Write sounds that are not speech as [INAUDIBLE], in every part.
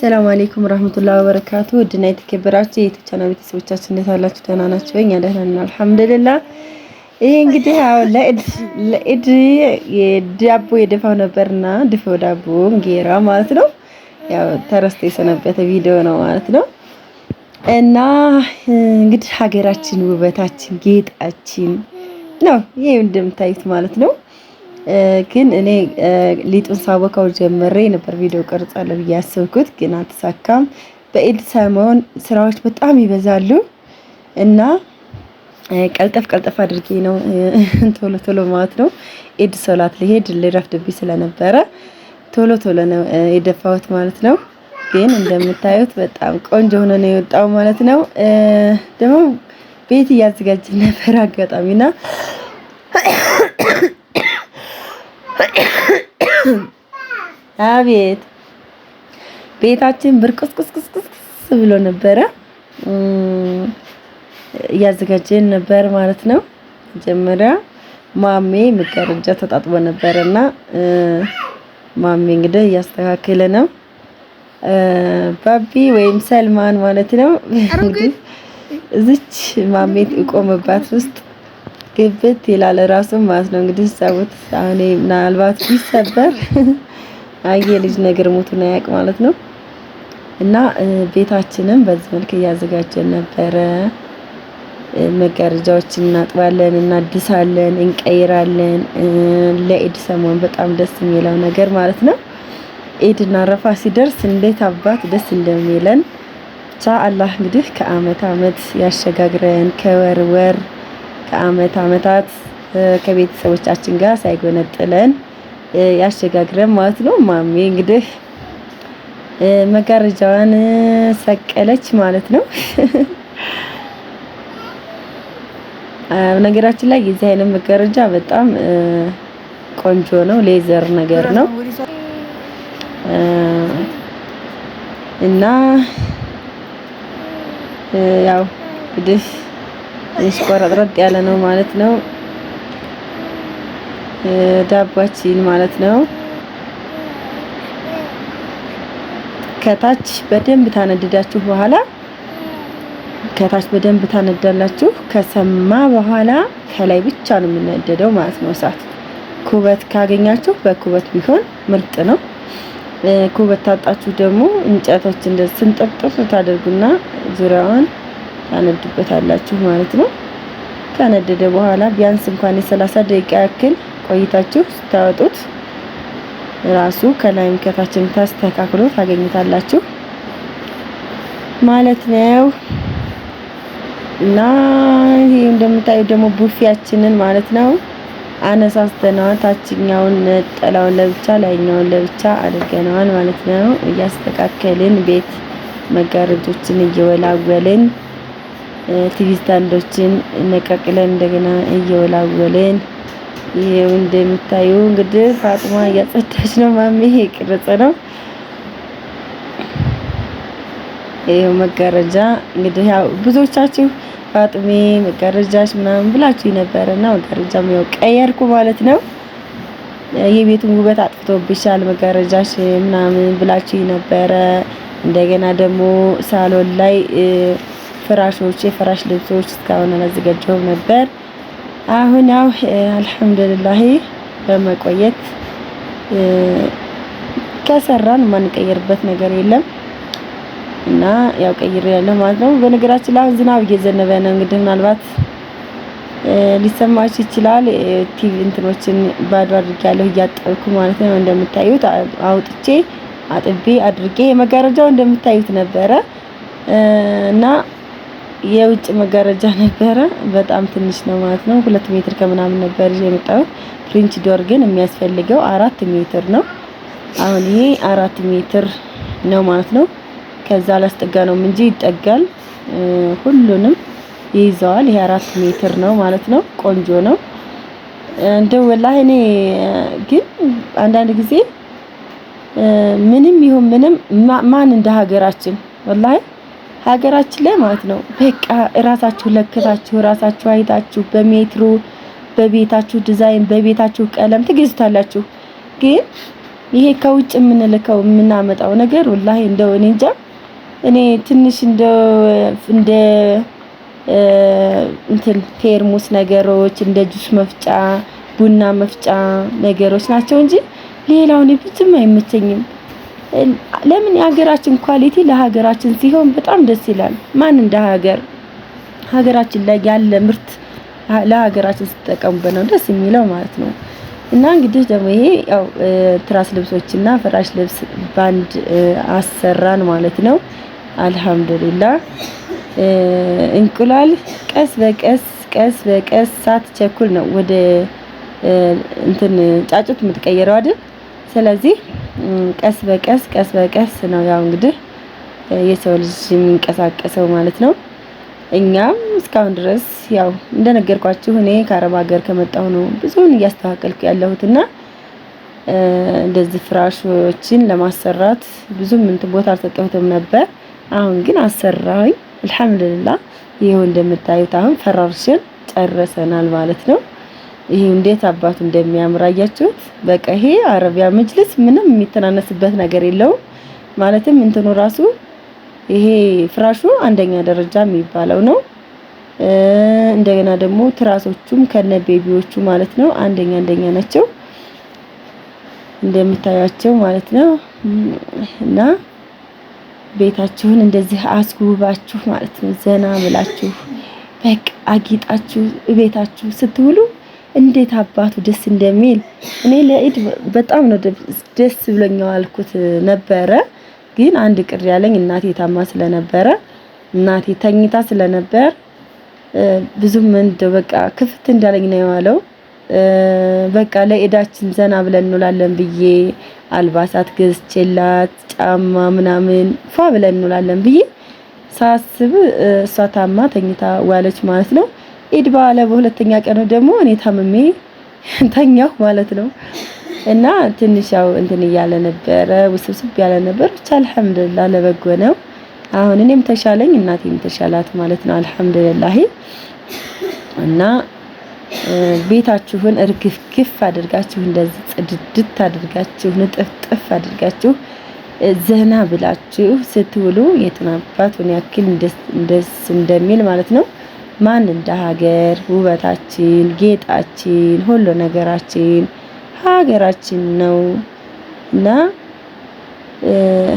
ሰላም አለይኩም ረህመቱላሂ ወበረካቱ ውድና የተከበራችሁ የኢትዮቻና ቤተሰቦቻችን እንዴት አላችሁ? ደህና ናችሁ? እኛ ደህና ነን አልሐምዱሊላህ። ይሄ እንግዲህ አሁን ለኢድ የዳቦ የደፋው ነበርና ድፎ ዳቦ እንጌራ ማለት ነው። ያው ተረስቶ የሰነበተ ቪዲዮ ነው ማለት ነው። እና እንግዲህ ሀገራችን ውበታችን ጌጣችን ነው ይሄ እንደምታዩት ማለት ነው። ግን እኔ ሊጡን ሳቦካው ጀምሬ ነበር ቪዲዮ ቀርጻለሁ ብዬ ያሰብኩት ግን አልተሳካም። በኢድ ሰሞን ስራዎች በጣም ይበዛሉ እና ቀልጠፍ ቀልጠፍ አድርጌ ነው ቶሎ ቶሎ ማለት ነው። ኢድ ሶላት ልሄድ ልረፍድብኝ ስለነበረ ቶሎ ቶሎ ነው የደፋሁት ማለት ነው። ግን እንደምታዩት በጣም ቆንጆ ሆኖ ነው የወጣው ማለት ነው። ደግሞ ቤት እያዘጋጀ ነበር አጋጣሚና አቤት ቤታችን ብርቅስቅስቅስቅስ ብሎ ነበረ። እያዘጋጀን ነበር ማለት ነው። መጀመሪያ ማሜ መጋረጃ ተጣጥቦ ነበረና ማሜ እንግዲህ እያስተካከለ ነው። ባቢ ወይም ሰልማን ማለት ነው እንግዲህ እዚች ማሜት እቆምባት ውስጥ ግብት ይላል ራሱ ማለት ነው። እንግዲህ ሰውት አሁን ምናልባት ቢሰበር አየ ልጅ ነገር ሞቱን አያውቅ ማለት ነው። እና ቤታችንን በዚህ መልክ እያዘጋጀን ነበረ። መጋረጃዎችን እናጥባለን፣ እናድሳለን፣ እንቀይራለን። ለኢድ ሰሞን በጣም ደስ የሚለው ነገር ማለት ነው እና ረፋ ሲደርስ እንዴት አባት ደስ እንደሚለን ብቻ አላህ እንግዲህ ከአመት አመት ያሸጋግረን ከወር ወር ከአመት አመታት ከቤተሰቦቻችን ጋር ሳይጎነጥለን ያሸጋግረን ማለት ነው። ማሚ እንግዲህ መጋረጃዋን ሰቀለች ማለት ነው። ነገራችን ላይ የዚህ አይነት መጋረጃ በጣም ቆንጆ ነው። ሌዘር ነገር ነው እና ያው እንግዲህ ቆረጥረጥ ያለ ነው ማለት ነው። ዳባችን ማለት ነው። ከታች በደንብ ታነድዳችሁ በኋላ ከታች በደንብ ታነዳላችሁ። ከሰማ በኋላ ከላይ ብቻ ነው የምነደደው ማለት ነው። እሳት ኩበት ካገኛችሁ በኩበት ቢሆን ምርጥ ነው። ኩበት ታጣችሁ ደግሞ እንጨቶች እንደ ስንጠጥጥ ታደርጉና ዙሪያዋን ታነዱበታላችሁ ማለት ነው። ከነደደ በኋላ ቢያንስ እንኳን የሰላሳ ደቂቃ ያክል ቆይታችሁ ስታወጡት ራሱ ከላይም ከታችም ተስተካክሎ ታገኙታላችሁ ማለት ነው። እና ይሄ እንደምታዩ ደግሞ ቡፌያችንን ማለት ነው አነሳስተነዋል። ታችኛውን ነጠላውን ለብቻ ላይኛውን ለብቻ አድርገነዋል ማለት ነው። እያስተካከልን ቤት መጋረጆችን እየወላወልን ቲቪ ስታንዶችን ነቀቅለን እንደገና እየወላወልን ይሄው እንደሚታዩ እንግዲህ ፋጥማ እያጸዳች ነው። ማሜ ይሄ ቅርጽ ነው። ይሄው መጋረጃ እንግዲህ ያው ብዙዎቻችሁ ፋጥሜ መጋረጃች ምናምን ብላችሁ ነበረና መጋረጃም ያው ቀየርኩ ማለት ነው። የቤቱን ውበት አጥፍቶብሻል መጋረጃሽ ምናምን ብላችሁ ነበረ። እንደገና ደግሞ ሳሎን ላይ ፍራሾች፣ የፍራሽ ልብሶች እስካሁን አላዘጋጀሁም ነበር። አሁን ያው አልሐምዱሊላህ በመቆየት ከሰራን የማንቀየርበት ነገር የለም እና ያው ቀይር ያለ ማለት ነው። በነገራችን ላይ አሁን ዝናብ እየዘነበ ነው። እንግዲህ ምናልባት ሊሰማችሁ ይችላል። ቲቪ እንትኖችን ባዶ አድርጌ ያለሁ እያጠብኩ ማለት ነው። እንደምታዩት አውጥቼ አጥቤ አድርጌ መጋረጃው እንደምታዩት ነበረ እና የውጭ መጋረጃ ነበረ። በጣም ትንሽ ነው ማለት ነው። ሁለት ሜትር ከምናምን ነበር ይዤ የመጣሁት። ዶር ግን የሚያስፈልገው አራት ሜትር ነው። አሁን ይሄ አራት ሜትር ነው ማለት ነው። ከዛ ላስጠጋ ነው እንጂ ይጠጋል፣ ሁሉንም ይይዘዋል። ይሄ አራት ሜትር ነው ማለት ነው። ቆንጆ ነው እንደው ወላሂ። እኔ ግን አንዳንድ ጊዜ ምንም ይሁን ምንም ማን እንደ ሀገራችን ወላሂ ሀገራችን ላይ ማለት ነው። በቃ ራሳችሁ ለክታችሁ እራሳችሁ አይታችሁ በሜትሮ በቤታችሁ ዲዛይን በቤታችሁ ቀለም ትገዝታላችሁ። ግን ይሄ ከውጭ የምንልከው የምናመጣው ነገር ወላሂ እንደው እኔ እንጃ እኔ ትንሽ እንደ እንደ እንትን ቴርሞስ ነገሮች እንደ ጁስ መፍጫ ቡና መፍጫ ነገሮች ናቸው እንጂ ሌላውን ብዙም አይመቸኝም። ለምን የሀገራችን ኳሊቲ ለሀገራችን ሲሆን በጣም ደስ ይላል። ማን እንደ ሀገር ሀገራችን ላይ ያለ ምርት ለሀገራችን ስትጠቀሙበት ነው ደስ የሚለው ማለት ነው። እና እንግዲህ ደግሞ ይሄ ያው ትራስ ልብሶችና ፍራሽ ልብስ ባንድ አሰራን ማለት ነው። አልሐምዱሊላ እንቁላል ቀስ በቀስ ቀስ በቀስ ቸኩል ነው ወደ እንትን ጫጩት የምትቀየረው አይደል? ስለዚህ ቀስ በቀስ ቀስ በቀስ ነው ያው እንግዲህ የሰው ልጅ የሚንቀሳቀሰው ማለት ነው። እኛም እስካሁን ድረስ ያው እንደነገርኳችሁ እኔ ከአረብ ሀገር ከመጣሁ ነው ብዙውን እያስተካከልኩ ያለሁትና እንደዚህ ፍራሾችን ለማሰራት ብዙም እንትን ቦታ አልሰጠሁትም ነበር። አሁን ግን አሰራሁኝ። አልሐምዱሊላህ ይኸው እንደምታዩት አሁን ፈራርሽን ጨረሰናል ማለት ነው። ይሄ እንዴት አባቱ እንደሚያምር አያችሁት። በቃ ይሄ አረቢያ መጅልስ ምንም የሚተናነስበት ነገር የለውም። ማለትም እንትኑ ራሱ ይሄ ፍራሹ አንደኛ ደረጃ የሚባለው ነው። እንደገና ደግሞ ትራሶቹም ከነ ቤቢዎቹ ማለት ነው አንደኛ አንደኛ ናቸው እንደምታያቸው ማለት ነው። እና ቤታችሁን እንደዚህ አስጉባችሁ ማለት ነው ዘና ብላችሁ በቃ አጊጣችሁ ቤታችሁ ስትውሉ እንዴት አባቱ ደስ እንደሚል እኔ ለኢድ በጣም ነው ደስ ብሎኛል አልኩት ነበረ። ግን አንድ ቅር ያለኝ እናቴ ታማ ስለነበረ እናቴ ተኝታ ስለነበር ብዙም እንደው በቃ ክፍት እንዳለኝ ነው የዋለው። በቃ ለኢዳችን ዘና ብለን እንውላለን ብዬ አልባሳት ገዝቼላት ጫማ ምናምን ፏ ብለን እንውላለን ብዬ ሳስብ እሷ ታማ ተኝታ ዋለች ማለት ነው። ኢድ በዓለ በሁለተኛ ቀኑ ደግሞ እኔ ታምሜ ተኛሁ ማለት ነው። እና ትንሽ ያው እንትን እያለ ነበረ፣ ውስብስብ ያለ ነበር። ብቻ አልሐምዱሊላ ለበጎ ነው። አሁን እኔም ተሻለኝ፣ እናቴም ተሻላት ማለት ነው። አልሐምዱሊላህ እና ቤታችሁን እርግፍ ግፍ አድርጋችሁ እንደዚህ ጽድድት አድርጋችሁ ንጥፍጥፍ አድርጋችሁ ዘና ብላችሁ ስትውሉ የትናባቱን ያክል እንደስ እንደሚል ማለት ነው። ማን እንደ ሀገር ውበታችን፣ ጌጣችን፣ ሁሉ ነገራችን ሀገራችን ነው እና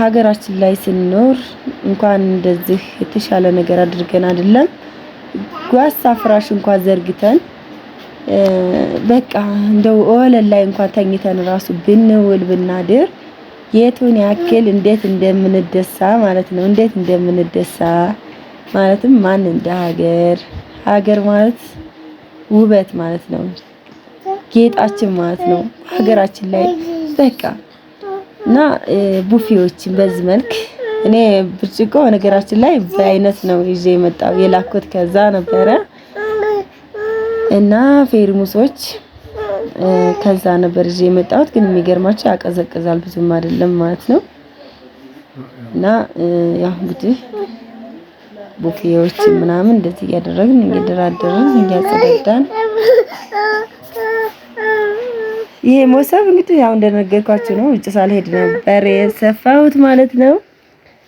ሀገራችን ላይ ስንኖር እንኳን እንደዚህ የተሻለ ነገር አድርገን አይደለም ጓስ አፍራሽ እንኳን ዘርግተን በቃ እንደው ወለል ላይ እንኳን ተኝተን ራሱ ብንውል ብናድር የቱን ያክል እንዴት እንደምንደሳ ማለት ነው። እንዴት እንደምንደሳ ማለትም ማን እንደ ሀገር ሀገር ማለት ውበት ማለት ነው፣ ጌጣችን ማለት ነው ሀገራችን ላይ በቃ እና ቡፌዎችን በዚህ መልክ እኔ ብርጭቆ ነገራችን ላይ በአይነት ነው ይዤ የመጣው የላኩት ከዛ ነበረ እና ፌርሙሶች ከዛ ነበር ይዤ የመጣሁት። ግን የሚገርማቸው ያቀዘቅዛል ብዙም አይደለም ማለት ነው እና ያው እንግዲህ ቡኬዎችን ምናምን እንደዚህ እያደረግን እየደራደርን እያጸዳዳን ይሄ ሞሰብ እንግዲህ ያው እንደነገርኳችሁ ነው። ውጭ ሳልሄድ ነበር የሰፋሁት ማለት ነው።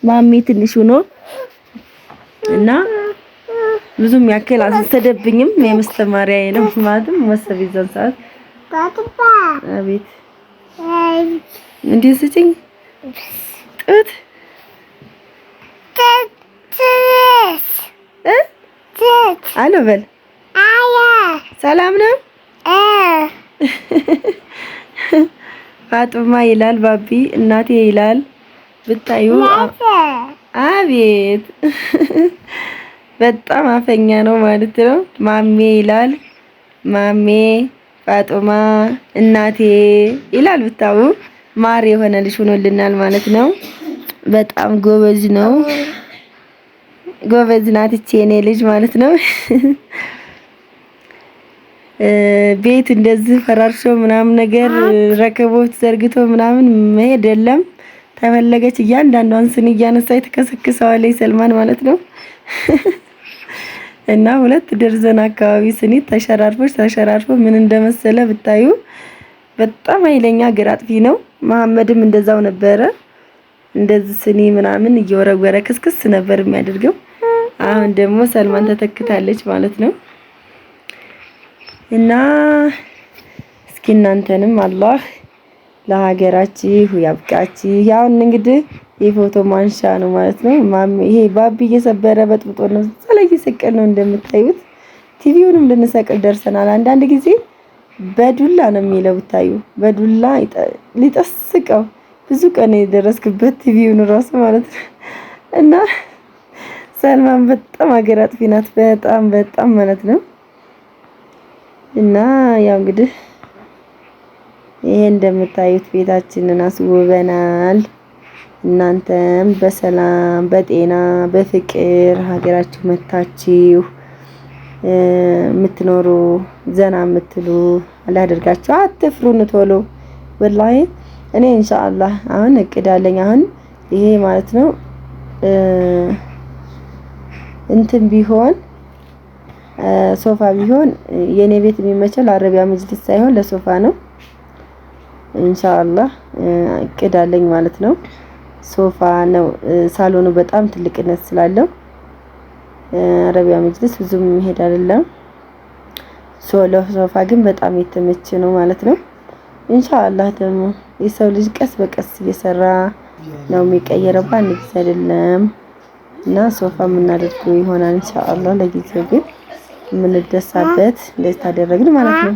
ማሜ ትንሽ ሆኖ እና ብዙም ያክል አልተደብኝም። የምስተማሪያ ነው ማለትም ሞሰብ ይዘን ሰዓት አቤት እንዴት ስጭኝ ጡት አሎ በል ሰላም ነው ፋጡማ ይላል ባቢ እናቴ ይላል ብታዩ አቤት በጣም አፈኛ ነው ማለት ነው። ማሜ ይላል ማሜ ፋጡማ እናቴ ይላል ብታዩ ማር የሆነ ልጅ ሆኖልናል ማለት ነው። በጣም ጎበዝ ነው። ጎበዝ ናት እቺ የኔ ልጅ ማለት ነው። [LAUGHS] ቤት እንደዚህ ፈራርሾ ምናምን ነገር ረከቦት ዘርግቶ ምናምን መሄድ የለም። ተፈለገች እያንዳንዷን ስኒ እያነሳ የተከሰክሰዋለች ሰልማን ማለት ነው። [LAUGHS] እና ሁለት ደርዘን አካባቢ ስኒ ተሸራርፎች ተሸራርፎ ምን እንደመሰለ ብታዩ በጣም ኃይለኛ ግራ አጥፊ ነው። መሐመድም እንደዛው ነበረ። እንደዚህ ስኒ ምናምን እየወረወረ ክስክስ ነበር የሚያደርገው። አሁን ደግሞ ሰልማን ተተክታለች ማለት ነው። እና እስኪ እናንተንም አላህ ለሀገራችሁ ያብቃችሁ። ያውን እንግዲህ የፎቶ ማንሻ ነው ማለት ነው። ማሚ ይሄ ባቢ እየሰበረ በጥብጦ ነው ላይ እየሰቀል ነው እንደምታዩት። ቲቪውንም ልንሰቅል ደርሰናል። አንዳንድ ጊዜ በዱላ ነው የሚለው ብታዩ፣ በዱላ ሊጠስቀው ብዙ ቀን የደረስክበት ቲቪውን ራሱ ማለት ነው እና ሰልማን በጣም ሀገር አጥፊ ናት። በጣም በጣም ማለት ነው። እና ያው እንግዲህ ይሄ እንደምታዩት ቤታችንን አስውበናል። እናንተም በሰላም በጤና በፍቅር ሀገራችሁ መታችሁ የምትኖሩ ዘና የምትሉ አላደርጋችሁ። አትፍሩን ቶሎ ወላሂ እኔ ኢንሻአላህ አሁን እቅዳለኝ አሁን ይሄ ማለት ነው እንትን ቢሆን ሶፋ ቢሆን የኔ ቤት የሚመቸው ለአረቢያ መጅልስ ሳይሆን ለሶፋ ነው። ኢንሻአላህ እቅድ አለኝ ማለት ነው። ሶፋ ነው። ሳሎኑ በጣም ትልቅነት ስላለው አረቢያ መጅልስ ብዙም የሚሄድ አይደለም። ለሶፋ ግን በጣም የተመቸ ነው ማለት ነው። ኢንሻአላህ ደግሞ የሰው ልጅ ቀስ በቀስ እየሰራ ነው የሚቀየረው፣ በአንድ አይደለም። እና ሶፋ የምናደርገው ይሆናል ኢንሻአላህ። ለጊዜው ግን የምንደሳበት እንደዚህ ታደረግን ማለት ነው።